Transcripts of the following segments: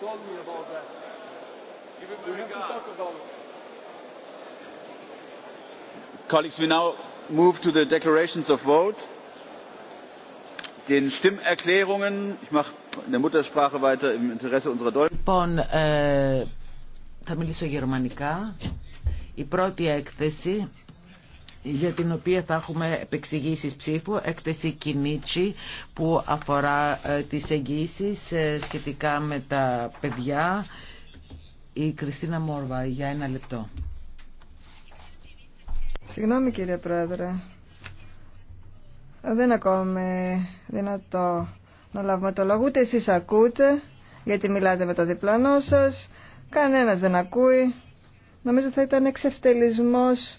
told me about that. Give him we have to talk about it. Colleagues, we now move to the declarations of vote. Den Stimmerklärungen, ich mache in der Muttersprache weiter im Interesse unserer Deutschen. Λοιπόν, θα μιλήσω γερμανικά. Η πρώτη έκθεση για την οποία θα έχουμε επεξηγήσεις ψήφου, έκθεση Κινίτσι που αφορά ε, τις εγγύησεις ε, σχετικά με τα παιδιά. Η Κριστίνα Μόρβα για ένα λεπτό. Συγγνώμη κύριε Πρόεδρε. Ε, δεν ακόμη δυνατό να λάβουμε το λόγο. Ούτε εσείς ακούτε, γιατί μιλάτε με το διπλανό σας. Κανένας δεν ακούει. Νομίζω θα ήταν εξευτελισμός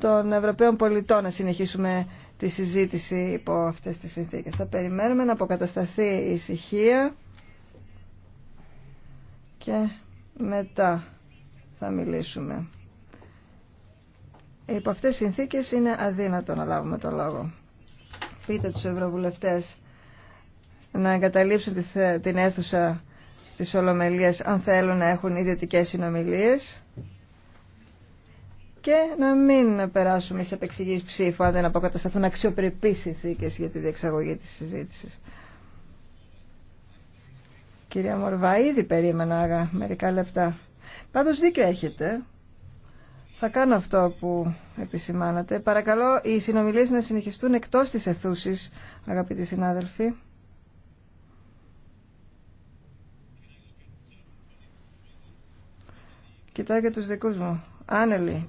των Ευρωπαίων πολιτών να συνεχίσουμε τη συζήτηση υπό αυτές τις συνθήκες. Θα περιμένουμε να αποκατασταθεί η ησυχία και μετά θα μιλήσουμε. Υπό αυτές τις συνθήκες είναι αδύνατο να λάβουμε το λόγο. Πείτε τους ευρωβουλευτές να εγκαταλείψουν την αίθουσα της Ολομελίας αν θέλουν να έχουν ιδιωτικές συνομιλίες και να μην περάσουμε σε επεξηγής ψήφου αν δεν αποκατασταθούν αξιοπρεπείς συνθήκε για τη διεξαγωγή της συζήτησης. Κυρία Μορβά, ήδη περίμενα μερικά λεπτά. Πάντως δίκιο έχετε. Θα κάνω αυτό που επισημάνατε. Παρακαλώ οι συνομιλίες να συνεχιστούν εκτός της αιθούσης, αγαπητοί συνάδελφοι. Κοιτάω και τους δικούς μου. Άνελη,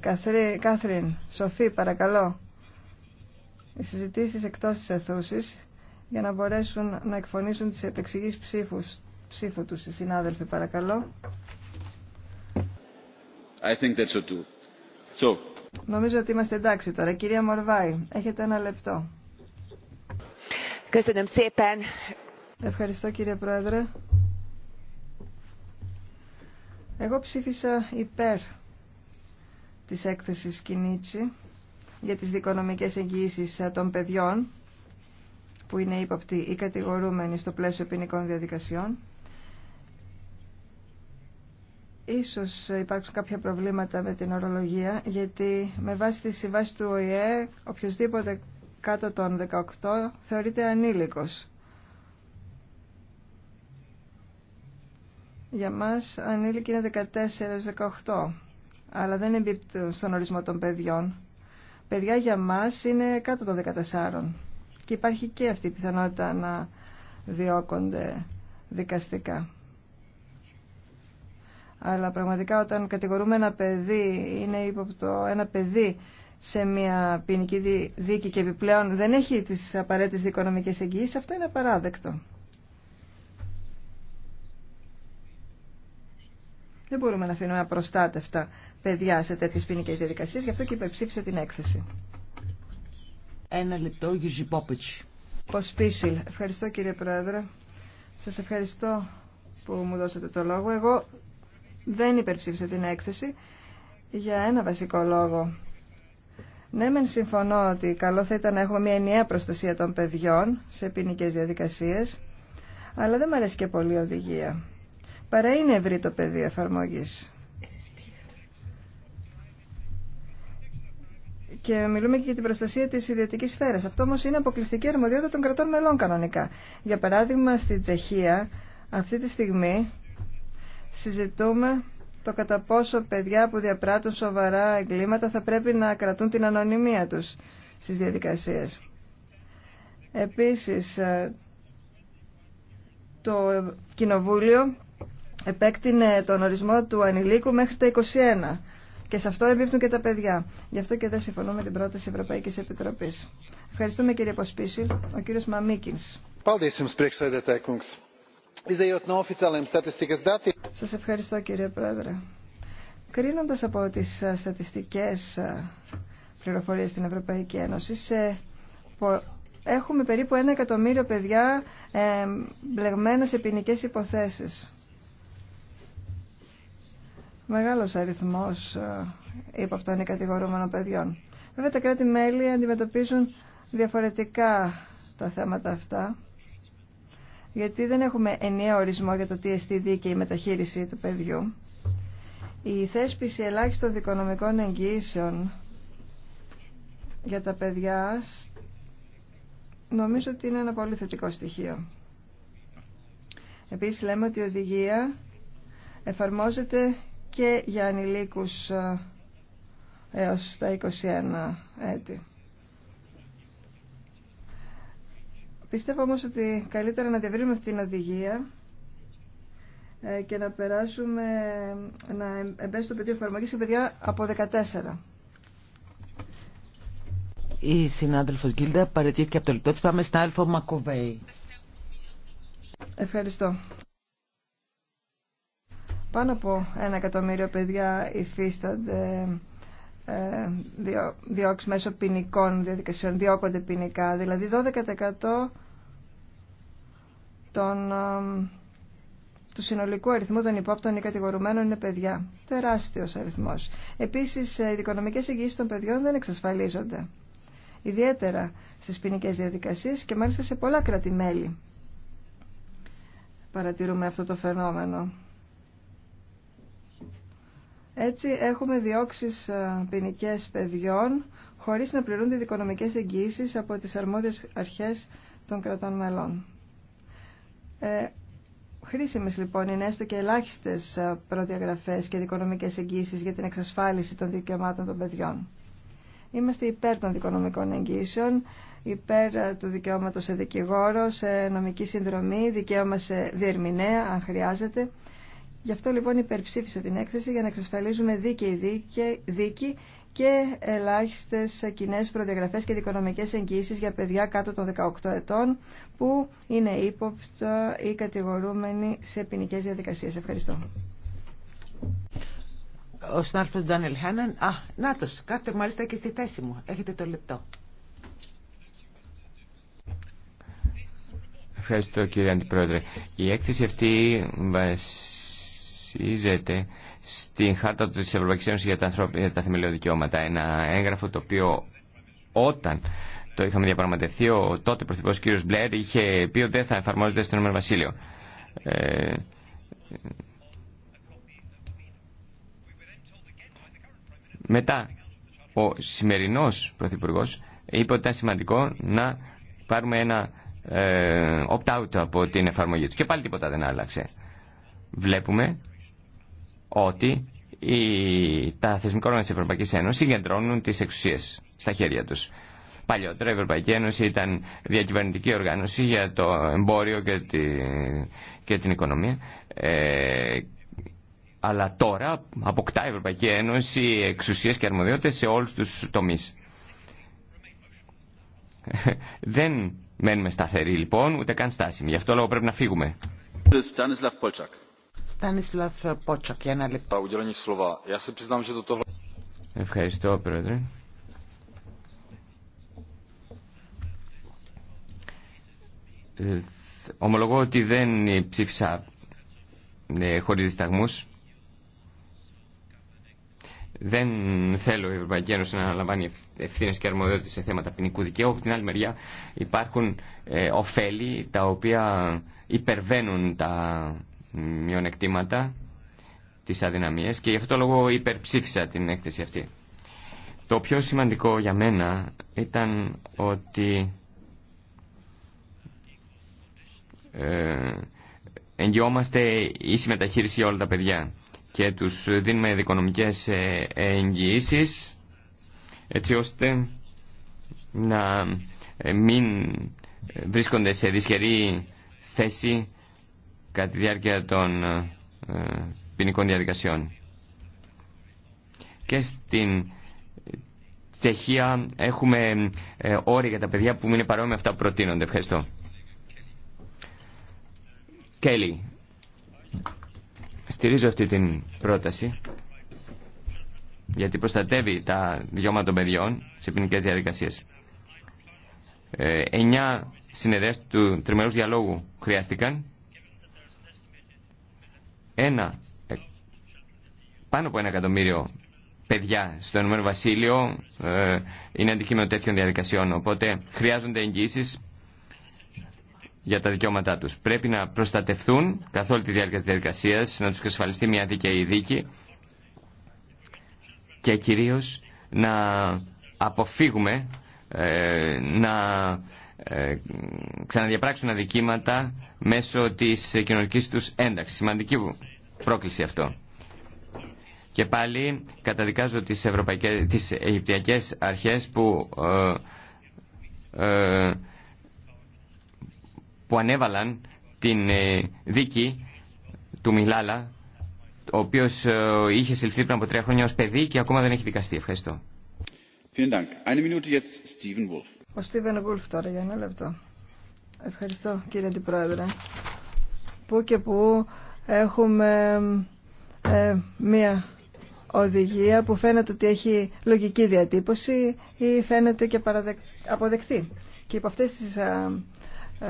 Κάθριν, Σοφή, παρακαλώ. Οι συζητήσεις εκτός της για να μπορέσουν να εκφωνήσουν τις επεξηγείς ψήφους, ψήφου τους οι συνάδελφοι, παρακαλώ. I think that's So. Νομίζω ότι είμαστε εντάξει τώρα. Κυρία Μορβάη, έχετε ένα λεπτό. Ευχαριστώ κύριε Πρόεδρε. Εγώ ψήφισα υπέρ της έκθεσης Κινίτσι για τις δικονομικές εγγυήσεις των παιδιών που είναι ύποπτοι ή κατηγορούμενοι στο πλαίσιο ποινικών διαδικασιών. Ίσως υπάρξουν κάποια προβλήματα με την ορολογία, γιατί με βάση τη συμβάση του ΟΗΕ, οποιοδήποτε κάτω των 18 θεωρείται ανήλικος. για μας ανήλικοι είναι 14-18, αλλά δεν εμπίπτουν στον ορισμό των παιδιών. Παιδιά για μας είναι κάτω των 14 και υπάρχει και αυτή η πιθανότητα να διώκονται δικαστικά. Αλλά πραγματικά όταν κατηγορούμε ένα παιδί, είναι ύποπτο ένα παιδί σε μια ποινική δίκη και επιπλέον δεν έχει τις απαραίτητες οικονομικές εγγυήσεις, αυτό είναι απαράδεκτο. Δεν μπορούμε να αφήνουμε απροστάτευτα παιδιά σε τέτοιε ποινικέ διαδικασίε, γι' αυτό και υπερψήφισε την έκθεση. Ένα λεπτό, Γιουζι Ευχαριστώ κύριε Πρόεδρε. Σα ευχαριστώ που μου δώσατε το λόγο. Εγώ δεν υπερψήφισα την έκθεση για ένα βασικό λόγο. Ναι, μεν συμφωνώ ότι καλό θα ήταν να έχουμε μια ενιαία προστασία των παιδιών σε ποινικέ διαδικασίε, αλλά δεν μου αρέσει και πολύ η οδηγία παρά είναι ευρύ το πεδίο εφαρμογής. Και μιλούμε και για την προστασία τη ιδιωτική σφαίρα. Αυτό όμω είναι αποκλειστική αρμοδιότητα των κρατών μελών κανονικά. Για παράδειγμα, στην Τσεχία, αυτή τη στιγμή συζητούμε το κατά πόσο παιδιά που διαπράττουν σοβαρά εγκλήματα θα πρέπει να κρατούν την ανωνυμία τους στις διαδικασίες. Επίσης, ε, το Κοινοβούλιο επέκτηνε τον ορισμό του ανηλίκου μέχρι τα 21 και σε αυτό εμπίπτουν και τα παιδιά. Γι' αυτό και δεν συμφωνούμε με την πρόταση Ευρωπαϊκής Επιτροπής. Ευχαριστούμε κύριε Ποσπίση. Ο κύριος Μαμίκινς. Σας ευχαριστώ κύριε Πρόεδρε. Κρίνοντας από τις ε, στατιστικές ε, πληροφορίες στην Ευρωπαϊκή Ένωση, έχουμε περίπου ένα εκατομμύριο παιδιά ε, μπλεγμένα σε ποινικέ υποθέσεις. Μεγάλος αριθμός ε, ύποπτων ή κατηγορούμενων παιδιών. Βέβαια τα κράτη-μέλη αντιμετωπίζουν διαφορετικά τα θέματα αυτά γιατί δεν έχουμε ενιαίο ορισμό για το τι εστί δίκαιη μεταχείριση του παιδιού. Η θέσπιση ελάχιστων δικονομικών εγγύσεων για τα παιδιά νομίζω ότι είναι ένα πολύ θετικό στοιχείο. Επίσης λέμε ότι η οδηγία εφαρμόζεται και για ανηλίκους ε, έως τα 21 έτη. Πιστεύω όμως ότι καλύτερα να διαβρύνουμε αυτήν την οδηγία ε, και να περάσουμε να εμπέσει το πεδίο εφαρμογή σε παιδιά από 14. Η συνάδελφο Γκίλντα παρετήθηκε από το λεπτό Πάμε στην άλφα Μακοβέη. Ευχαριστώ. Πάνω από ένα εκατομμύριο παιδιά υφίστανται ε, διώξει μέσω ποινικών διαδικασιών, διώκονται ποινικά. Δηλαδή 12% του συνολικού αριθμού των υπόπτων ή κατηγορουμένων είναι παιδιά. Τεράστιος αριθμός. Επίσης, ε, οι δικονομικές εγγύησεις των παιδιών δεν εξασφαλίζονται. Ιδιαίτερα στις ποινικέ διαδικασίες και μάλιστα σε πολλά κράτη-μέλη. Παρατηρούμε αυτό το φαινόμενο. Έτσι έχουμε διώξεις ε, ποινικέ παιδιών χωρίς να πληρούνται δικονομικές εγγύησεις από τις αρμόδιες αρχές των κρατών μελών. Ε, χρήσιμες λοιπόν είναι έστω και ελάχιστες ε, προδιαγραφές και δικονομικές εγγύσει για την εξασφάλιση των δικαιωμάτων των παιδιών. Είμαστε υπέρ των δικονομικών εγγύσεων, υπέρ ε, του δικαιώματος σε δικηγόρο, σε νομική συνδρομή, δικαίωμα σε διερμηνέα αν χρειάζεται Γι' αυτό λοιπόν υπερψήφισε την έκθεση για να εξασφαλίζουμε δίκαιη δίκη και ελάχιστες κοινέ προδιαγραφές και δικονομικές εγγύησεις για παιδιά κάτω των 18 ετών που είναι ύποπτα ή κατηγορούμενοι σε ποινικέ διαδικασίες. Ευχαριστώ. Ο συνάδελφος Ντανιέλ Χάναν. Α, νάτος, κάτε μάλιστα και στη θέση μου. Έχετε το λεπτό. Ευχαριστώ κύριε Αντιπρόεδρε. Η έκθεση αυτή βασίζεται στην χάρτα τη Ευρωπαϊκή Ένωση για τα, για θεμελιώδη δικαιώματα. Ένα έγγραφο το οποίο όταν το είχαμε διαπραγματευτεί, ο τότε πρωθυπουργό κ. Μπλερ είχε πει ότι δεν θα εφαρμόζεται στο Ηνωμένο Βασίλειο. Ε, μετά, ο σημερινός πρωθυπουργό είπε ότι ήταν σημαντικό να πάρουμε ένα ε, opt-out από την εφαρμογή του. Και πάλι τίποτα δεν άλλαξε. Βλέπουμε ότι τα θεσμικά όργανα της Ευρωπαϊκής Ένωσης συγκεντρώνουν τις εξουσίες στα χέρια τους. Παλιότερα η Ευρωπαϊκή Ένωση ήταν διακυβερνητική οργάνωση για το εμπόριο και, την οικονομία. Ε, αλλά τώρα αποκτά η Ευρωπαϊκή Ένωση εξουσίες και αρμοδιότητες σε όλους τους τομείς. Δεν μένουμε σταθεροί λοιπόν, ούτε καν στάσιμοι. Γι' αυτό λόγο πρέπει να φύγουμε. Ε, Ευχαριστώ, Πρόεδρε. Ε, ομολογώ ότι δεν ψήφισα ναι, χωρίς δισταγμούς. Δεν θέλω η Ευρωπαϊκή Ένωση να αναλαμβάνει ευθύνε και αρμοδιότητε σε θέματα ποινικού δικαίου. Από την άλλη μεριά υπάρχουν ε, ωφέλη τα οποία υπερβαίνουν τα μειονεκτήματα, τις αδυναμίες και γι' αυτό το λόγο υπερψήφισα την έκθεση αυτή. Το πιο σημαντικό για μένα ήταν ότι ε, εγγυόμαστε η συμμεταχείριση για όλα τα παιδιά και τους δίνουμε δικονομικές ε, εγγυήσει έτσι ώστε να ε, μην ε, βρίσκονται σε δυσχερή θέση κατά τη διάρκεια των ε, ε, ποινικών διαδικασιών. Και στην Τσεχία έχουμε ε, όρια για τα παιδιά που είναι παρόμοια αυτά που προτείνονται. Ευχαριστώ. Κέλλη, στηρίζω αυτή την πρόταση γιατί προστατεύει τα διώματα των παιδιών σε ποινικέ διαδικασίε. Εννιά συνεδρές του τριμερούς διαλόγου χρειάστηκαν ένα, ε, πάνω από ένα εκατομμύριο παιδιά στο Ηνωμένο Βασίλειο ε, είναι αντικείμενο τέτοιων διαδικασιών. Οπότε χρειάζονται εγγύησει για τα δικαιώματά τους. Πρέπει να προστατευθούν καθ' όλη τη διάρκεια της διαδικασίας, να τους εξασφαλιστεί μια δίκαιη δίκη και κυρίως να αποφύγουμε ε, να ε, ξαναδιαπράξουν αδικήματα μέσω της κοινωνικής τους ένταξης. Σημαντική πρόκληση αυτό. Και πάλι καταδικάζω τις, ευρωπαϊκές, τις Αιγυπτιακές αρχές που, ε, ε, που ανέβαλαν την ε, δίκη του Μιλάλα, ο οποίος ε, είχε συλληφθεί πριν από τρία χρόνια ως παιδί και ακόμα δεν έχει δικαστεί. Ευχαριστώ. Ο Στίβεν Γουλφ τώρα για ένα λεπτό. Ευχαριστώ κύριε Αντιπρόεδρε. Πού και πού έχουμε ε, μία οδηγία που φαίνεται ότι έχει λογική διατύπωση ή φαίνεται και αποδεκτή. Και υπό, αυτές τις, ε, ε,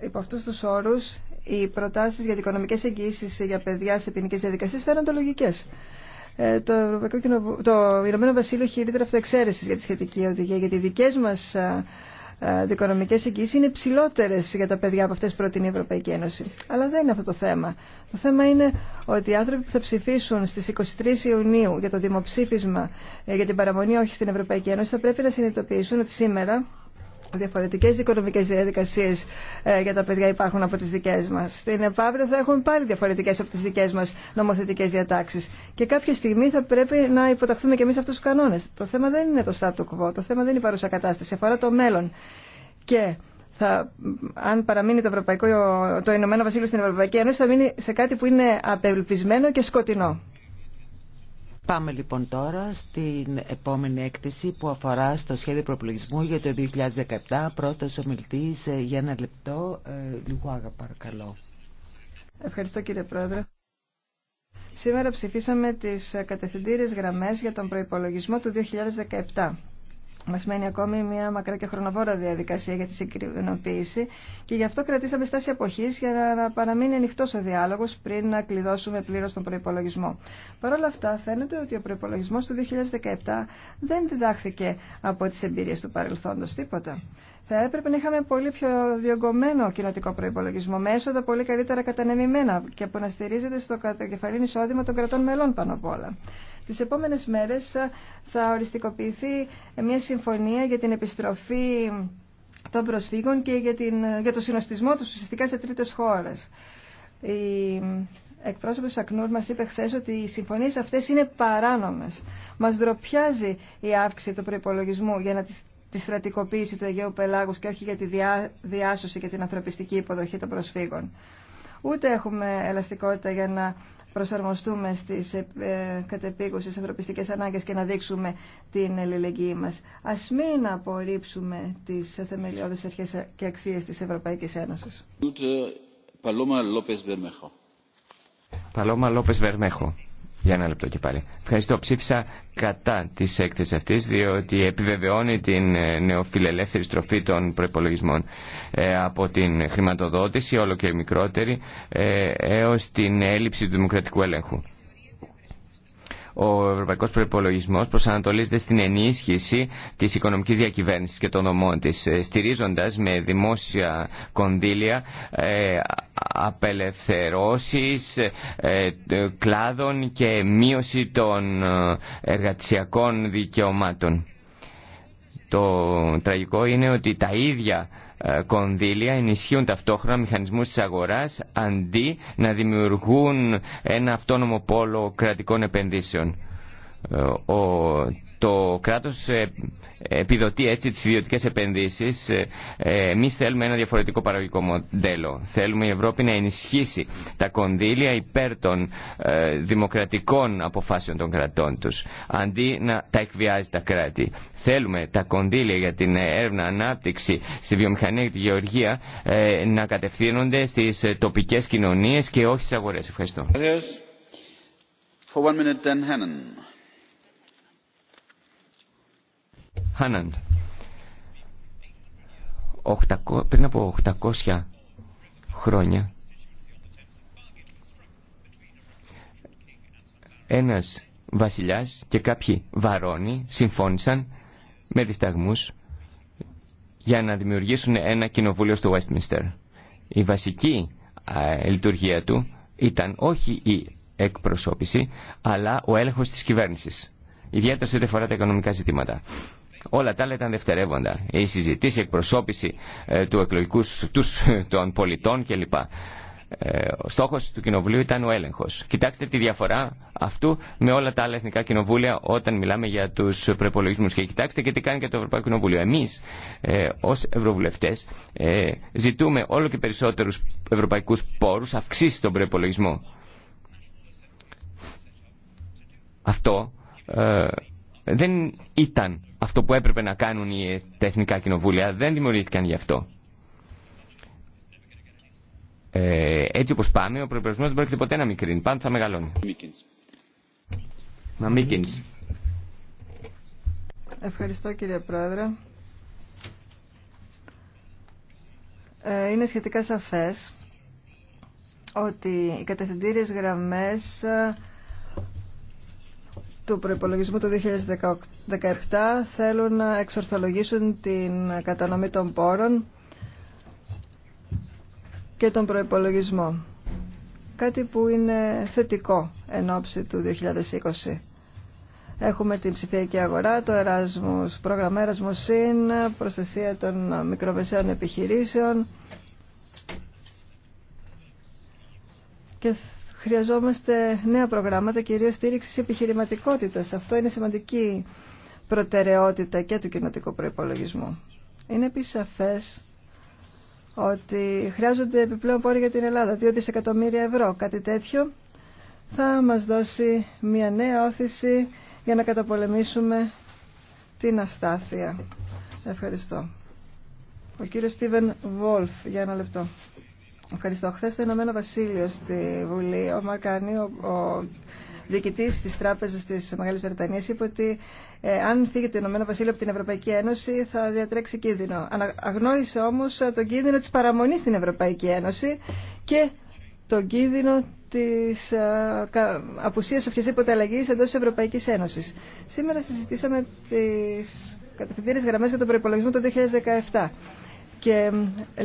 υπό αυτούς τους όρους οι προτάσεις για δικονομικές εγγυήσεις για παιδιά σε ποινικέ διαδικασίες φαίνονται λογικές. το, Ευρωπαϊκό το Ηνωμένο Βασίλειο χειρίτερα αυτοεξαίρεσης για τη σχετική οδηγία, γιατί οι δικές μας ε, δικονομικές εγγύσεις είναι ψηλότερες για τα παιδιά από αυτές που προτείνει η Ευρωπαϊκή Ένωση. Αλλά δεν είναι αυτό το θέμα. Το θέμα είναι ότι οι άνθρωποι που θα ψηφίσουν στις 23 Ιουνίου για το δημοψήφισμα ε, για την παραμονή όχι στην Ευρωπαϊκή Ένωση θα πρέπει να συνειδητοποιήσουν ότι σήμερα διαφορετικές οικονομικές διαδικασίες ε, για τα παιδιά υπάρχουν από τις δικές μας. Στην επαύριο θα έχουμε πάλι διαφορετικές από τις δικές μας νομοθετικές διατάξεις. Και κάποια στιγμή θα πρέπει να υποταχθούμε και εμείς αυτούς τους κανόνες. Το θέμα δεν είναι το στάτου quo, το θέμα δεν είναι η παρούσα κατάσταση, αφορά το μέλλον. Και θα, αν παραμείνει το, Ευρωπαϊκό, το Ηνωμένο Βασίλειο στην Ευρωπαϊκή Ένωση θα μείνει σε κάτι που είναι απελπισμένο και σκοτεινό. Πάμε λοιπόν τώρα στην επόμενη έκθεση που αφορά στο σχέδιο προπολογισμού για το 2017. Πρώτος ομιλητή ε, για ένα λεπτό, ε, Λιγουάγα παρακαλώ. Ευχαριστώ κύριε Πρόεδρε. Σήμερα ψηφίσαμε τις κατευθυντήριες γραμμές για τον προϋπολογισμό του 2017. Μας μένει ακόμη μια μακρά και χρονοβόρα διαδικασία για τη συγκρινοποίηση και γι' αυτό κρατήσαμε στάση αποχής για να παραμείνει ανοιχτό ο διάλογος πριν να κλειδώσουμε πλήρως τον προϋπολογισμό. Παρ' όλα αυτά φαίνεται ότι ο προϋπολογισμός του 2017 δεν διδάχθηκε από τις εμπειρίες του παρελθόντος τίποτα. Θα έπρεπε να είχαμε πολύ πιο διωγγωμένο κοινοτικό προπολογισμό με έσοδα πολύ καλύτερα κατανεμημένα και που να στηρίζεται στο κατακεφαλήν εισόδημα των κρατών μελών πάνω απ' όλα. Τις επόμενες μέρες θα οριστικοποιηθεί μια συμφωνία για την επιστροφή των προσφύγων και για, την, για το συνοστισμό τους ουσιαστικά σε τρίτες χώρες. Η εκπρόσωπος Ακνούρ μας είπε χθε ότι οι συμφωνίες αυτές είναι παράνομες. Μας ντροπιάζει η αύξηση του προπολογισμού για να τις τη στρατικοποίηση του Αιγαίου Πελάγους και όχι για τη διάσωση και την ανθρωπιστική υποδοχή των προσφύγων. Ούτε έχουμε ελαστικότητα για να προσαρμοστούμε στις ε, κατεπίκουσες ανθρωπιστικές ανάγκες και να δείξουμε την ελληνική μας. Ας μην απορρίψουμε τις θεμελιώδεις αρχές και αξίες της Ευρωπαϊκής Ένωσης. Για ένα λεπτό και πάλι. Ευχαριστώ. Ψήφισα κατά τη έκθεση αυτή, διότι επιβεβαιώνει την ε, νεοφιλελεύθερη στροφή των προπολογισμών. Ε, από την χρηματοδότηση, όλο και μικρότερη, ε, έως την έλλειψη του δημοκρατικού έλεγχου ο ευρωπαϊκό προπολογισμό προσανατολίζεται στην ενίσχυση τη οικονομική διακυβέρνηση και των δομών τη, ε, στηρίζοντα με δημόσια κονδύλια ε, απελευθερώσει ε, ε, κλάδων και μείωση των εργατσιακών δικαιωμάτων. Το τραγικό είναι ότι τα ίδια ε, κονδύλια ενισχύουν ταυτόχρονα μηχανισμούς της αγοράς αντί να δημιουργούν ένα αυτόνομο πόλο κρατικών επενδύσεων. Ε, ο το κράτος ε, επιδοτεί έτσι τις ιδιωτικές επενδύσεις. Ε, ε, εμείς θέλουμε ένα διαφορετικό παραγωγικό μοντέλο. Θέλουμε η Ευρώπη να ενισχύσει τα κονδύλια υπέρ των δημοκρατικών αποφάσεων των κρατών τους, αντί να τα εκβιάζει τα κράτη. Θέλουμε τα κονδύλια για την έρευνα ανάπτυξη στη βιομηχανία και τη γεωργία να κατευθύνονται στις τοπικές κοινωνίες και όχι στις αγορές. Ευχαριστώ. Χάναντ. Πριν από 800 χρόνια ένας βασιλιάς και κάποιοι βαρόνοι συμφώνησαν με δισταγμούς για να δημιουργήσουν ένα κοινοβούλιο στο Westminster. Η βασική λειτουργία του ήταν όχι η εκπροσώπηση, αλλά ο έλεγχος της κυβέρνησης. Ιδιαίτερα σε ό,τι αφορά τα οικονομικά ζητήματα. Όλα τα άλλα ήταν δευτερεύοντα. Η συζητήση, η εκπροσώπηση ε, του εκλογικού τους, των πολιτών κλπ. Ε, ο στόχος του κοινοβουλίου ήταν ο έλεγχος. Κοιτάξτε τη διαφορά αυτού με όλα τα άλλα εθνικά κοινοβούλια όταν μιλάμε για τους προπολογισμού Και κοιτάξτε και τι κάνει και το Ευρωπαϊκό Κοινοβούλιο. Εμείς ε, ως ευρωβουλευτές ε, ζητούμε όλο και περισσότερους ευρωπαϊκούς πόρους αυξήσει τον προπολογισμό. Αυτό ε, δεν ήταν αυτό που έπρεπε να κάνουν οι, τα εθνικά κοινοβούλια, δεν δημιουργήθηκαν γι' αυτό. Ε, έτσι όπως πάμε, ο προϋπερασμός δεν πρόκειται ποτέ να μικρύνει, πάντα θα μεγαλώνει. Μα Ευχαριστώ κύριε Πρόεδρε. Ε, είναι σχετικά σαφές ότι οι κατευθυντήριες γραμμές του προϋπολογισμού του 2017 θέλουν να εξορθολογήσουν την κατανομή των πόρων και τον προϋπολογισμό. Κάτι που είναι θετικό εν ώψη του 2020. Έχουμε την ψηφιακή αγορά, το πρόγραμμα Ερασμοσύν, προστασία των μικρομεσαίων επιχειρήσεων και χρειαζόμαστε νέα προγράμματα, κυρίως στήριξη επιχειρηματικότητας. Αυτό είναι σημαντική προτεραιότητα και του κοινοτικού προϋπολογισμού. Είναι επίσης σαφές ότι χρειάζονται επιπλέον πόροι για την Ελλάδα, 2 δισεκατομμύρια ευρώ. Κάτι τέτοιο θα μας δώσει μια νέα όθηση για να καταπολεμήσουμε την αστάθεια. Ευχαριστώ. Ο κύριος Στίβεν Βόλφ, για ένα λεπτό. Ευχαριστώ. Χθε στο Ηνωμένο Βασίλειο στη Βουλή, ο Μαρκάνη, ο, ο διοικητή τη Τράπεζα τη Μεγάλη Βρετανία, είπε ότι ε, αν φύγει το Ηνωμένο Βασίλειο από την Ευρωπαϊκή Ένωση θα διατρέξει κίνδυνο. Αγνώρισε όμω ε, τον κίνδυνο τη παραμονή στην Ευρωπαϊκή Ένωση και τον κίνδυνο τη ε, απουσίας οποιασδήποτε αλλαγή εντό της Ευρωπαϊκής Ένωσης. Σήμερα συζητήσαμε τι κατευθυντήρε γραμμέ για τον προπολογισμό το 2017 και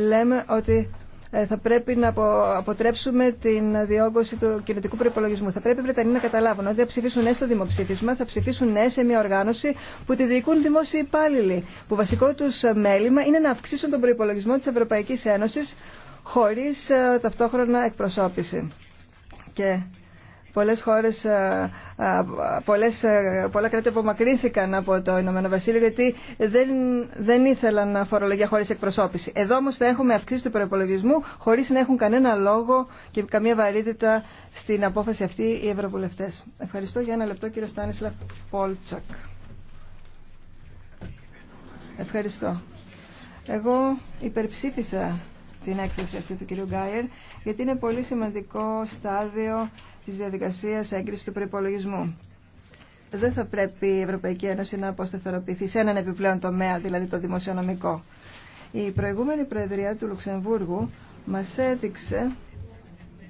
λέμε ότι ε, θα πρέπει να αποτρέψουμε την διόγκωση του κοινωτικού προπολογισμού. Θα πρέπει οι Βρετανοί να καταλάβουν ότι θα ψηφίσουν ναι στο δημοψήφισμα, θα ψηφίσουν ναι σε μια οργάνωση που τη διοικούν δημόσιοι υπάλληλοι, που βασικό του μέλημα είναι να αυξήσουν τον προπολογισμό τη Ευρωπαϊκή Ένωση χωρί ε, ταυτόχρονα εκπροσώπηση. Και πολλές χώρες, ε, ε, πολλές, ε, πολλά κράτη απομακρύνθηκαν από το Ηνωμένο Βασίλειο γιατί δεν, δεν ήθελαν φορολογία χωρίς εκπροσώπηση. Εδώ όμως θα έχουμε αυξήσει του προπολογισμού χωρίς να έχουν κανένα λόγο και καμία βαρύτητα στην απόφαση αυτή οι ευρωβουλευτές. Ευχαριστώ για ένα λεπτό κύριο Στάνισλα Πόλτσακ. Ευχαριστώ. Εγώ υπερψήφισα την έκθεση αυτή του κυρίου Γκάιερ, γιατί είναι πολύ σημαντικό στάδιο της διαδικασίας έγκρισης του προϋπολογισμού. Δεν θα πρέπει η Ευρωπαϊκή Ένωση να αποσταθεροποιηθεί σε έναν επιπλέον τομέα, δηλαδή το δημοσιονομικό. Η προηγούμενη Προεδρία του Λουξεμβούργου μας έδειξε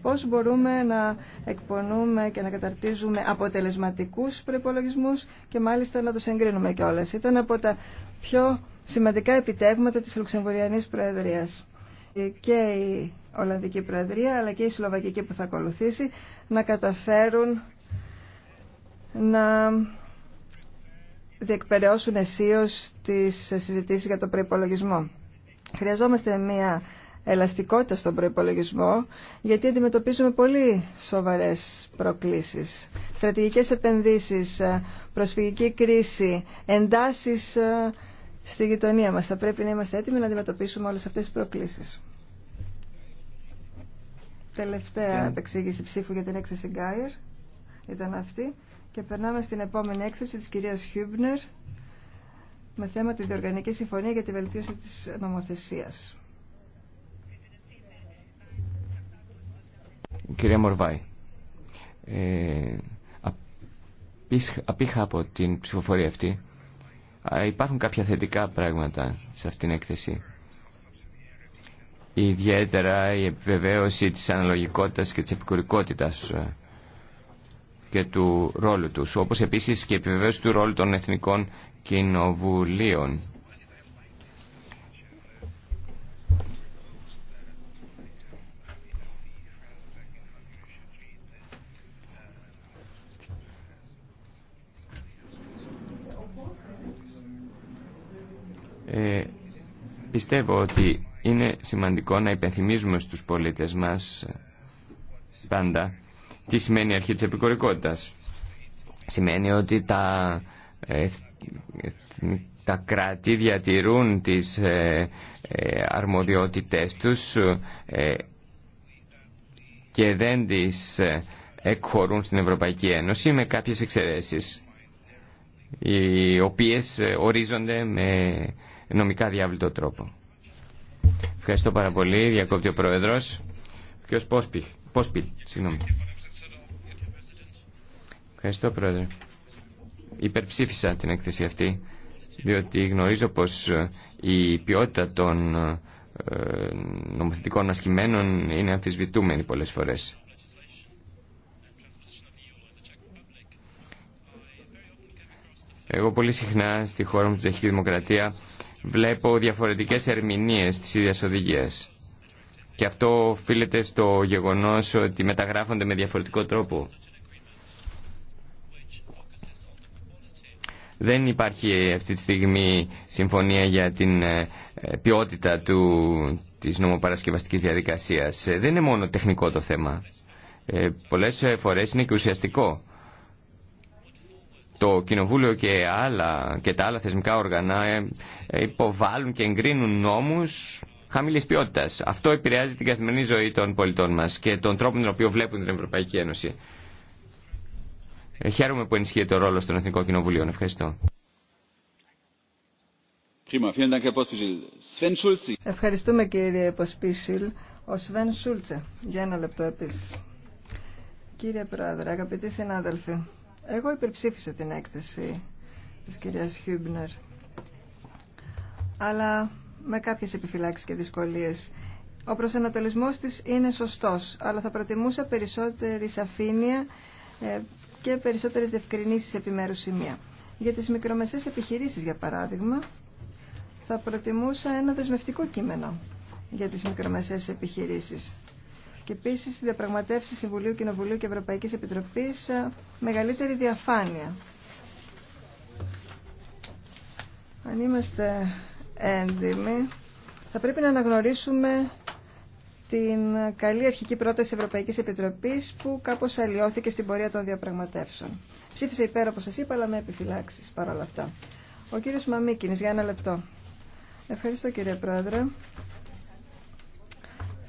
πώς μπορούμε να εκπονούμε και να καταρτίζουμε αποτελεσματικούς προϋπολογισμούς και μάλιστα να τους εγκρίνουμε κιόλας. Ήταν από τα πιο σημαντικά επιτεύγματα της Λουξεμβουριανής Προεδρίας. Και Ολλανδική Προεδρία αλλά και η Σλοβακική που θα ακολουθήσει να καταφέρουν να διεκπαιρεώσουν αισίως τις συζητήσεις για τον προϋπολογισμό. Χρειαζόμαστε μια ελαστικότητα στον προϋπολογισμό γιατί αντιμετωπίζουμε πολύ σοβαρές προκλήσεις. Στρατηγικές επενδύσεις, προσφυγική κρίση, εντάσεις ε, στη γειτονία μας. Θα πρέπει να είμαστε έτοιμοι να αντιμετωπίσουμε όλες αυτές τις προκλήσεις τελευταία ναι. επεξήγηση ψήφου για την έκθεση Γκάιερ ήταν αυτή και περνάμε στην επόμενη έκθεση της κυρίας Χιούμπνερ με θέμα τη Διοργανική Συμφωνία για τη Βελτίωση της Νομοθεσίας. Κυρία Μορβάη, ε, απήχα από την ψηφοφορία αυτή. Υπάρχουν κάποια θετικά πράγματα σε αυτήν την έκθεση ιδιαίτερα η επιβεβαίωση της αναλογικότητας και της επικουρικότητας ε, και του ρόλου τους, όπως επίσης και η επιβεβαίωση του ρόλου των εθνικών κοινοβουλίων. Ε, πιστεύω ότι είναι σημαντικό να υπενθυμίζουμε στους πολίτες μας πάντα τι σημαίνει η αρχή της επικορικότητας. Σημαίνει ότι τα, τα κράτη διατηρούν τις ε, ε, αρμοδιότητές τους ε, και δεν τις εκχωρούν στην Ευρωπαϊκή Ένωση με κάποιες εξαιρέσεις οι οποίες ορίζονται με νομικά διάβλητο τρόπο. Ευχαριστώ πάρα πολύ. Διακόπτει ο πρόεδρο. Ποιο Πόσπι, συγγνώμη. Ευχαριστώ, Πρόεδρε. Υπερψήφισα την έκθεση αυτή, διότι γνωρίζω πως ε, η ποιότητα των ε, νομοθετικών ασκημένων είναι αμφισβητούμενη πολλές φορές. Εγώ πολύ συχνά στη χώρα μου, τη Τσεχική Δημοκρατία, βλέπω διαφορετικές ερμηνείες της ίδιας οδηγίας. Και αυτό οφείλεται στο γεγονός ότι μεταγράφονται με διαφορετικό τρόπο. Δεν υπάρχει αυτή τη στιγμή συμφωνία για την ε, ποιότητα του, της νομοπαρασκευαστικής διαδικασίας. Δεν είναι μόνο τεχνικό το θέμα. Ε, πολλές φορές είναι και ουσιαστικό το Κοινοβούλιο και, άλλα, τα άλλα θεσμικά όργανα ε, υποβάλλουν και εγκρίνουν νόμους χαμηλή ποιότητα. Αυτό επηρεάζει την καθημερινή ζωή των πολιτών μα και τον τρόπο με τον οποίο βλέπουν την Ευρωπαϊκή Ένωση. Ε, χαίρομαι που ενισχύεται ο ρόλο των Εθνικών Κοινοβουλίων. Ευχαριστώ. Ευχαριστούμε κύριε Ποσπίσιλ. Ο Σβέν Σούλτσε, για ένα λεπτό επίση. Κύριε Πρόεδρε, αγαπητοί συνάδελφοι, εγώ υπερψήφισα την έκθεση της κυρίας Χιούμπνερ, αλλά με κάποιες επιφυλάξεις και δυσκολίες. Ο προσανατολισμός της είναι σωστός, αλλά θα προτιμούσα περισσότερη σαφήνεια ε, και περισσότερες διευκρινήσεις επιμέρους σημεία. Για τις μικρομεσαίες επιχειρήσεις, για παράδειγμα, θα προτιμούσα ένα δεσμευτικό κείμενο για τις μικρομεσαίες επιχειρήσεις. Και επίση στι διαπραγματεύσει Συμβουλίου, Κοινοβουλίου και Ευρωπαϊκή Επιτροπή ε, μεγαλύτερη διαφάνεια. Αν είμαστε έντιμοι, θα πρέπει να αναγνωρίσουμε την καλή αρχική πρόταση Ευρωπαϊκής Επιτροπής που κάπως αλλοιώθηκε στην πορεία των διαπραγματεύσεων. Ψήφισε υπέρ, όπως σας είπα, αλλά με επιφυλάξεις παρόλα αυτά. Ο κύριος Μαμίκινης, για ένα λεπτό. Ευχαριστώ κύριε Πρόεδρε.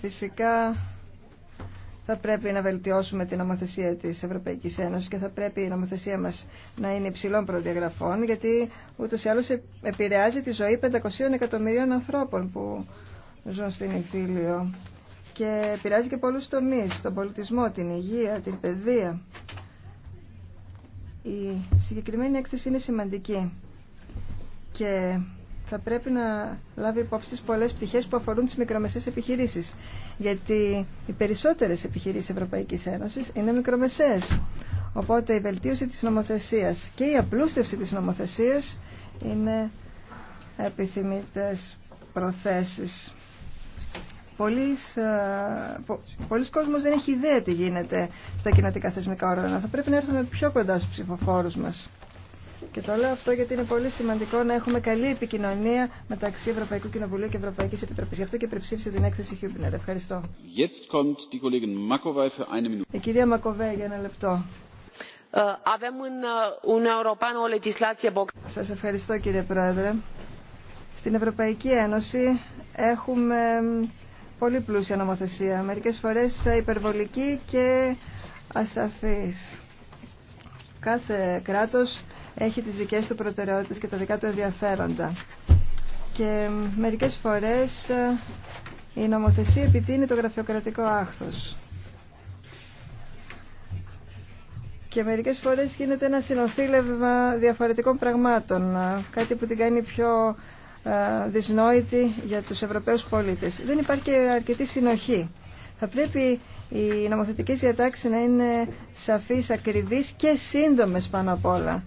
Φυσικά θα πρέπει να βελτιώσουμε την νομοθεσία της Ευρωπαϊκής Ένωσης και θα πρέπει η νομοθεσία μας να είναι υψηλών προδιαγραφών γιατί ούτως ή άλλως επηρεάζει τη ζωή 500 εκατομμυρίων ανθρώπων που ζουν στην Ιφίλιο και επηρεάζει και πολλούς τομείς, τον πολιτισμό, την υγεία, την παιδεία. Η συγκεκριμένη έκθεση είναι σημαντική και θα πρέπει να λάβει υπόψη τις πολλές πτυχές που αφορούν τις μικρομεσαίες επιχειρήσεις. Γιατί οι περισσότερες επιχειρήσεις Ευρωπαϊκής Ένωσης είναι μικρομεσαίες. Οπότε η βελτίωση της νομοθεσίας και η απλούστευση της νομοθεσίας είναι επιθυμητές προθέσεις. Πολλοί ε, κόσμοι δεν έχει ιδέα τι γίνεται στα κοινοτικά θεσμικά όργανα. Θα πρέπει να έρθουμε πιο κοντά στους ψηφοφόρους μας. Και το λέω αυτό γιατί είναι πολύ σημαντικό να έχουμε καλή επικοινωνία μεταξύ Ευρωπαϊκού Κοινοβουλίου και Ευρωπαϊκή Επιτροπή. Γι' αυτό και πρεψήφισε την έκθεση Χιούμπνερ. Ευχαριστώ. Η ε, κυρία Μακοβέ για ένα λεπτό. Ε, ε, Σα ευχαριστώ κύριε Πρόεδρε. Στην Ευρωπαϊκή Ένωση έχουμε πολύ πλούσια νομοθεσία. Μερικές φορές υπερβολική και ασαφής κάθε κράτος έχει τις δικές του προτεραιότητες και τα δικά του ενδιαφέροντα. Και μερικές φορές ε, η νομοθεσία επιτείνει το γραφειοκρατικό άχθος. Και μερικές φορές γίνεται ένα συνοθήλευμα διαφορετικών πραγμάτων, ε, κάτι που την κάνει πιο ε, δυσνόητη για τους Ευρωπαίους πολίτες. Δεν υπάρχει αρκετή συνοχή. Θα πρέπει οι νομοθετικές διατάξεις να είναι σαφείς, ακριβείς και σύντομες πάνω απ' όλα.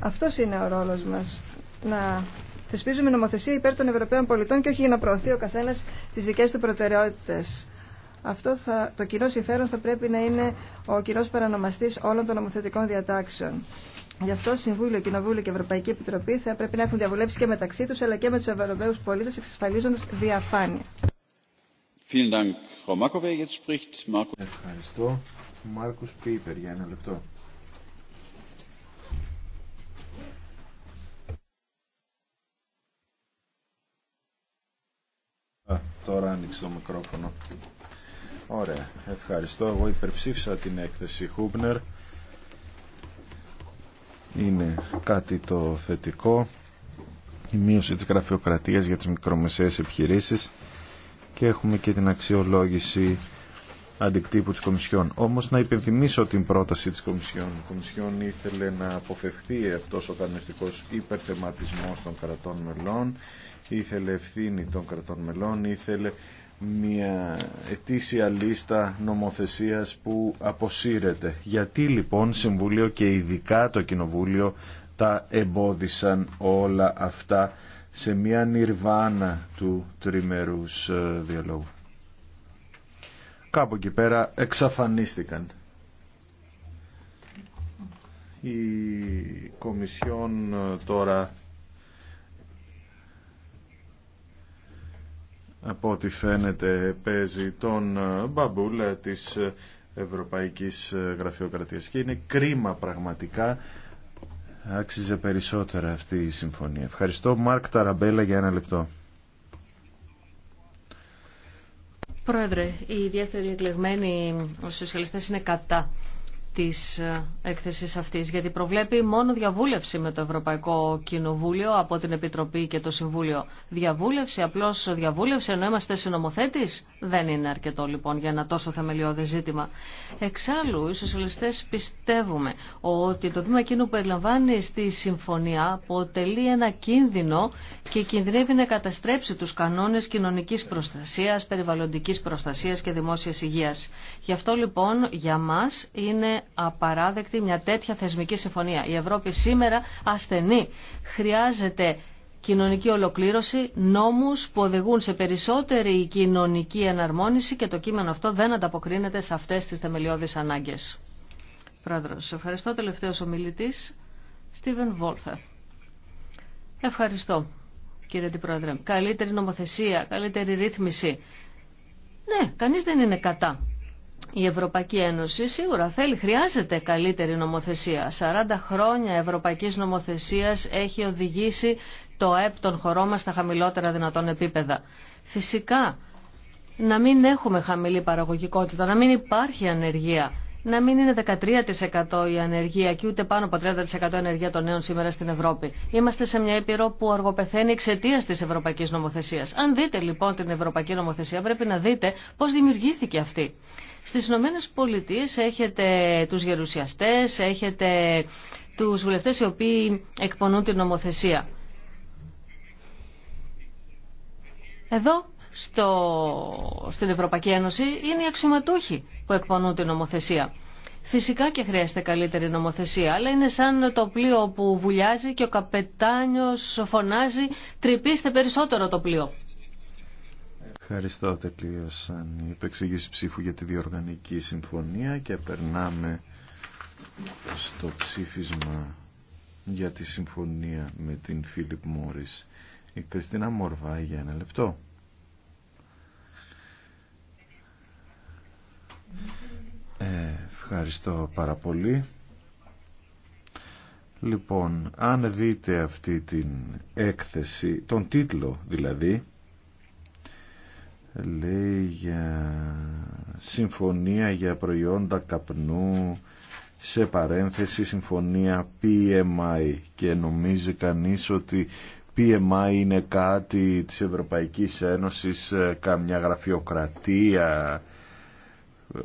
Αυτός είναι ο ρόλος μας. Να θεσπίζουμε νομοθεσία υπέρ των Ευρωπαίων πολιτών και όχι για να προωθεί ο καθένας τις δικές του προτεραιότητες. Αυτό θα, το κοινό συμφέρον θα πρέπει να είναι ο κοινό παρανομαστή όλων των νομοθετικών διατάξεων. Γι' αυτό Συμβούλιο, Κοινοβούλιο και Ευρωπαϊκή Επιτροπή θα πρέπει να έχουν διαβουλεύσει και μεταξύ του αλλά και με του Ευρωπαίου πολίτε, εξασφαλίζοντα διαφάνεια. Ευχαριστώ. Μάρκους Πίπερ για ένα λεπτό. τώρα άνοιξε το μικρόφωνο. Ωραία. Ευχαριστώ. Εγώ υπερψήφισα την έκθεση Χούμπνερ. Είναι κάτι το θετικό. Η μείωση της γραφειοκρατίας για τις μικρομεσαίες επιχειρήσεις και έχουμε και την αξιολόγηση αντικτύπου της Κομισιόν. Όμως να υπενθυμίσω την πρόταση της Κομισιόν. Η Κομισιόν ήθελε να αποφευχθεί αυτός ο κανονιστικός υπερθεματισμός των κρατών μελών, ήθελε ευθύνη των κρατών μελών, ήθελε μια ετήσια λίστα νομοθεσίας που αποσύρεται. Γιατί λοιπόν Συμβούλιο και ειδικά το Κοινοβούλιο τα εμπόδισαν όλα αυτά σε μια νιρβάνα του τριμερούς ε, διαλόγου. Κάπου εκεί πέρα εξαφανίστηκαν. Η Κομισιόν ε, τώρα από ό,τι φαίνεται παίζει τον ε, μπαμπούλα της Ευρωπαϊκής Γραφειοκρατίας και είναι κρίμα πραγματικά άξιζε περισσότερα αυτή η συμφωνία. Ευχαριστώ Μάρκ Ταραμπέλα για ένα λεπτό. Πρόεδρε, οι δεύτερη εκλεγμένοι ο σοσιαλιστές είναι κατά της ε, έκθεσης αυτής, γιατί προβλέπει μόνο διαβούλευση με το Ευρωπαϊκό Κοινοβούλιο από την Επιτροπή και το Συμβούλιο. Διαβούλευση, απλώς διαβούλευση, ενώ είμαστε συνομοθέτης. Δεν είναι αρκετό λοιπόν για ένα τόσο θεμελιώδη ζήτημα. Εξάλλου, οι σοσιαλιστέ πιστεύουμε ότι το τμήμα εκείνο που περιλαμβάνει στη συμφωνία αποτελεί ένα κίνδυνο και κινδυνεύει να καταστρέψει του κανόνε κοινωνική προστασία, περιβαλλοντική προστασία και δημόσια υγεία. Γι' αυτό λοιπόν για μα είναι απαράδεκτη μια τέτοια θεσμική συμφωνία. Η Ευρώπη σήμερα ασθενεί. Χρειάζεται κοινωνική ολοκλήρωση, νόμους που οδηγούν σε περισσότερη κοινωνική εναρμόνιση και το κείμενο αυτό δεν ανταποκρίνεται σε αυτές τις θεμελιώδεις ανάγκες. Πρόεδρος, ευχαριστώ. Τελευταίος ομιλητής, Στίβεν Βόλφε. Ευχαριστώ, κύριε την Πρόεδρε. Καλύτερη νομοθεσία, καλύτερη ρύθμιση. Ναι, κανείς δεν είναι κατά. Η Ευρωπαϊκή Ένωση σίγουρα θέλει, χρειάζεται καλύτερη νομοθεσία. 40 χρόνια ευρωπαϊκής νομοθεσίας έχει οδηγήσει το ΕΠ των χωρών μας στα χαμηλότερα δυνατόν επίπεδα. Φυσικά, να μην έχουμε χαμηλή παραγωγικότητα, να μην υπάρχει ανεργία, να μην είναι 13% η ανεργία και ούτε πάνω από 30% η ανεργία των νέων σήμερα στην Ευρώπη. Είμαστε σε μια ήπειρο που αργοπεθαίνει εξαιτία τη ευρωπαϊκή νομοθεσία. Αν δείτε λοιπόν την ευρωπαϊκή νομοθεσία, πρέπει να δείτε πώ δημιουργήθηκε αυτή. Στις Ηνωμένε Πολιτείε έχετε τους γερουσιαστές, έχετε τους βουλευτές οι οποίοι εκπονούν την νομοθεσία. Εδώ, στο, στην Ευρωπαϊκή Ένωση, είναι οι αξιωματούχοι που εκπονούν την νομοθεσία. Φυσικά και χρειάζεται καλύτερη νομοθεσία, αλλά είναι σαν το πλοίο που βουλιάζει και ο καπετάνιος φωνάζει «τρυπήστε περισσότερο το πλοίο». Ευχαριστώ. Τελείωσαν η επεξηγήση ψήφου για τη διοργανική συμφωνία και περνάμε στο ψήφισμα για τη συμφωνία με την Φίλιπ Μόρις. Η Κριστίνα Μορβά για ένα λεπτό. Ε, ευχαριστώ πάρα πολύ. Λοιπόν, αν δείτε αυτή την έκθεση, τον τίτλο δηλαδή, λέει για συμφωνία για προϊόντα καπνού σε παρένθεση συμφωνία PMI και νομίζει κανείς ότι PMI είναι κάτι της Ευρωπαϊκής Ένωσης, ε, καμιά γραφειοκρατία, ε,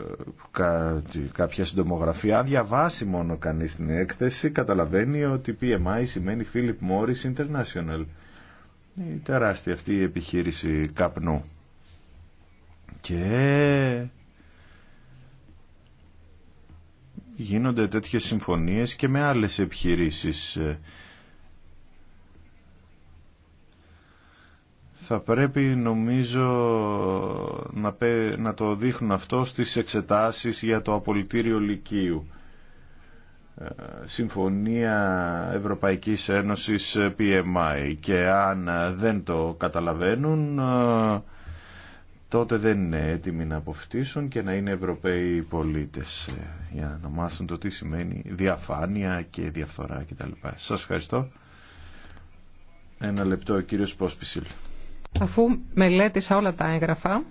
κάποια συντομογραφία. Αν διαβάσει μόνο κανείς την έκθεση, καταλαβαίνει ότι PMI σημαίνει Philip Morris International. Η τεράστια αυτή η επιχείρηση καπνού και γίνονται τέτοιες συμφωνίες και με άλλες επιχειρήσεις. Θα πρέπει νομίζω να, να το δείχνουν αυτό στις εξετάσεις για το απολυτήριο Λυκείου. Ε, συμφωνία Ευρωπαϊκής Ένωσης ε, PMI και αν δεν το καταλαβαίνουν ε, τότε δεν είναι έτοιμοι να αποφτύσουν και να είναι Ευρωπαίοι πολίτες ε, για να μάθουν το τι σημαίνει διαφάνεια και διαφθορά κτλ. Σας ευχαριστώ. Ένα λεπτό, ο κύριος Πόσπισιλ. Αφού μελέτησα όλα τα έγγραφα,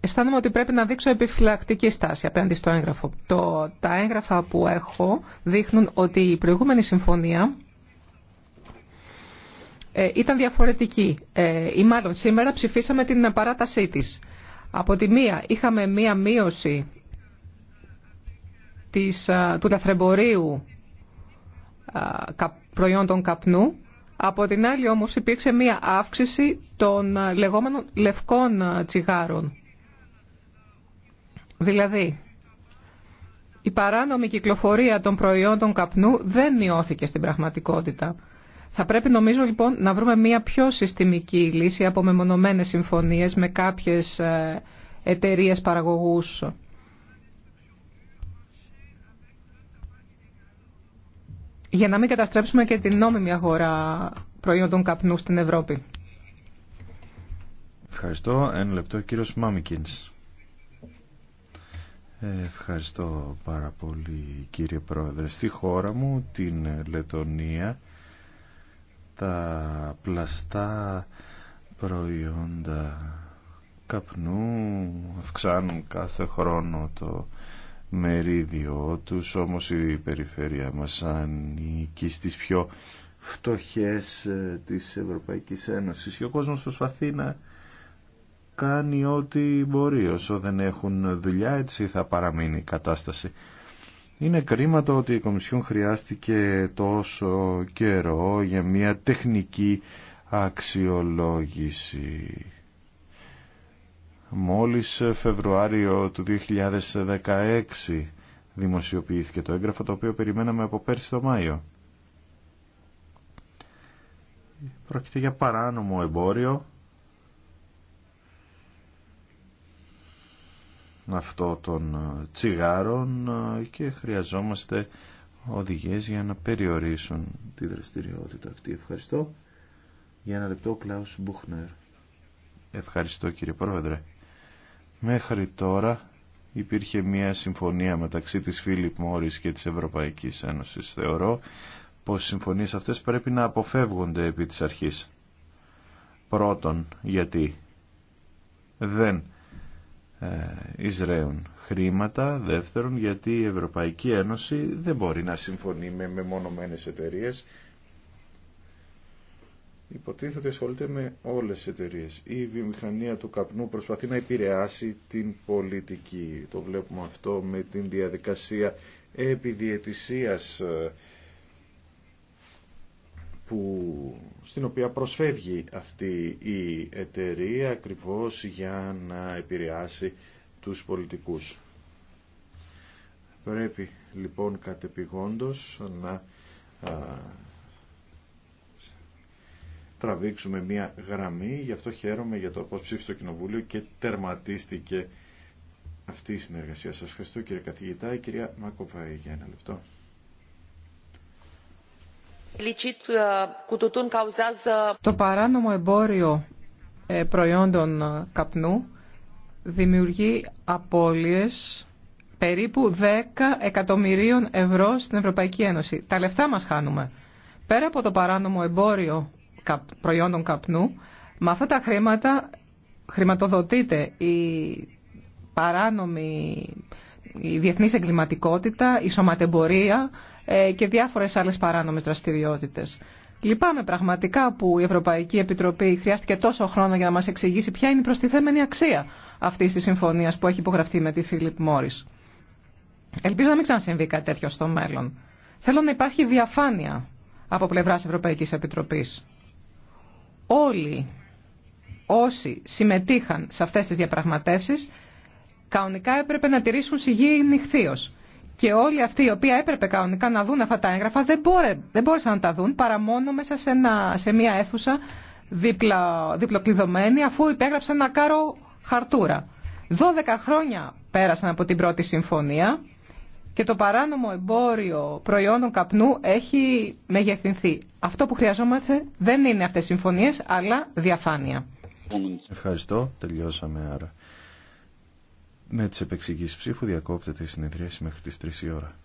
αισθάνομαι ότι πρέπει να δείξω επιφυλακτική στάση απέναντι στο έγγραφο. τα έγγραφα που έχω δείχνουν ότι η προηγούμενη συμφωνία ε, ήταν διαφορετική ε, ή μάλλον σήμερα ψηφίσαμε την παράτασή της. Από τη μία είχαμε μία μείωση της, του λαθρεμπορίου προϊόντων καπνού. Από την άλλη όμως υπήρξε μία αύξηση των λεγόμενων λευκών τσιγάρων. Δηλαδή, η παράνομη κυκλοφορία των προϊόντων καπνού δεν μειώθηκε στην πραγματικότητα. Θα πρέπει νομίζω λοιπόν να βρούμε μια πιο συστημική λύση από μεμονωμένες συμφωνίες με κάποιες ε, εταιρείε παραγωγούς. Για να μην καταστρέψουμε και την νόμιμη αγορά προϊόντων καπνού στην Ευρώπη. Ευχαριστώ. Ένα λεπτό κύριος Μάμικινς. Ευχαριστώ πάρα πολύ κύριε Πρόεδρε. Στη χώρα μου, την Λετωνία, τα πλαστά προϊόντα καπνού αυξάνουν κάθε χρόνο το μερίδιο τους όμως η περιφέρεια μας ανήκει στις πιο φτωχές ε, της Ευρωπαϊκής Ένωσης και ο κόσμος προσπαθεί να κάνει ό,τι μπορεί όσο δεν έχουν δουλειά έτσι θα παραμείνει η κατάσταση είναι κρίμα το ότι η Κομισιόν χρειάστηκε τόσο καιρό για μια τεχνική αξιολόγηση. Μόλις Φεβρουάριο του 2016 δημοσιοποιήθηκε το έγγραφο το οποίο περιμέναμε από πέρσι το Μάιο. Πρόκειται για παράνομο εμπόριο αυτό των ε, τσιγάρων ε, και χρειαζόμαστε οδηγίες για να περιορίσουν τη δραστηριότητα αυτή. Ευχαριστώ. Για ένα λεπτό, Κλάους Μπουχνερ. Ευχαριστώ κύριε Πρόεδρε. Μέχρι τώρα υπήρχε μια συμφωνία μεταξύ της Φίλιπ Μόρης και της Ευρωπαϊκής Ένωσης. Θεωρώ πως οι συμφωνίες αυτές πρέπει να αποφεύγονται επί της αρχής. Πρώτον, γιατί δεν ε, Ισραήλ χρήματα, δεύτερον γιατί η Ευρωπαϊκή Ένωση δεν μπορεί να συμφωνεί με μεμονωμένες εταιρείε. Υποτίθεται ασχολείται με όλες τις εταιρείε. Η βιομηχανία του καπνού προσπαθεί να επηρεάσει την πολιτική. Το βλέπουμε αυτό με την διαδικασία επιδιαιτησίας ε, που στην οποία προσφεύγει αυτή η εταιρεία ακριβώς για να επηρεάσει τους πολιτικούς. Πρέπει λοιπόν κατεπηγόντως να τραβήξουμε μία γραμμή, γι' αυτό χαίρομαι για το πώς ψήφισε το Κοινοβούλιο και τερματίστηκε αυτή η συνεργασία. Σας ευχαριστώ κύριε καθηγητά, η κυρία Μακοβάη για ένα λεπτό. Uh, το παράνομο εμπόριο ε, προϊόντων ε, καπνού δημιουργεί απώλειες περίπου 10 εκατομμυρίων ευρώ στην Ευρωπαϊκή Ένωση. Τα λεφτά μας χάνουμε. Πέρα από το παράνομο εμπόριο προϊόντων καπνού, με αυτά τα χρήματα χρηματοδοτείται η παράνομη η διεθνής εγκληματικότητα, η σωματεμπορία, ε, και διάφορες άλλες παράνομες δραστηριότητες. Λυπάμαι πραγματικά που η Ευρωπαϊκή Επιτροπή χρειάστηκε τόσο χρόνο για να μας εξηγήσει ποια είναι η προστιθέμενη αξία αυτής της συμφωνίας που έχει υπογραφτεί με τη Φίλιπ Μόρις. Ελπίζω να μην ξανασυμβεί κάτι τέτοιο στο μέλλον. Θέλω να υπάρχει διαφάνεια από πλευράς Ευρωπαϊκής Επιτροπής. Όλοι όσοι συμμετείχαν σε αυτές τις διαπραγματεύσεις κανονικά έπρεπε να τηρήσουν σιγή νυχθείως. Και όλοι αυτοί οι οποίοι έπρεπε κανονικά να δουν αυτά τα έγγραφα δεν, μπόρε, δεν μπόρεσαν να τα δουν παρά μόνο μέσα σε, ένα, σε μια αίθουσα δίπλα, διπλοκλειδωμένη αφού υπέγραψαν ένα κάρο χαρτούρα. Δώδεκα χρόνια πέρασαν από την πρώτη συμφωνία και το παράνομο εμπόριο προϊόντων καπνού έχει μεγεθυνθεί. Αυτό που χρειαζόμαστε δεν είναι αυτές οι συμφωνίες, αλλά διαφάνεια. Ευχαριστώ. Τελειώσαμε άρα με τις επεξηγήσεις ψήφου διακόπτεται η συνεδρίαση μέχρι τις 3 η ώρα.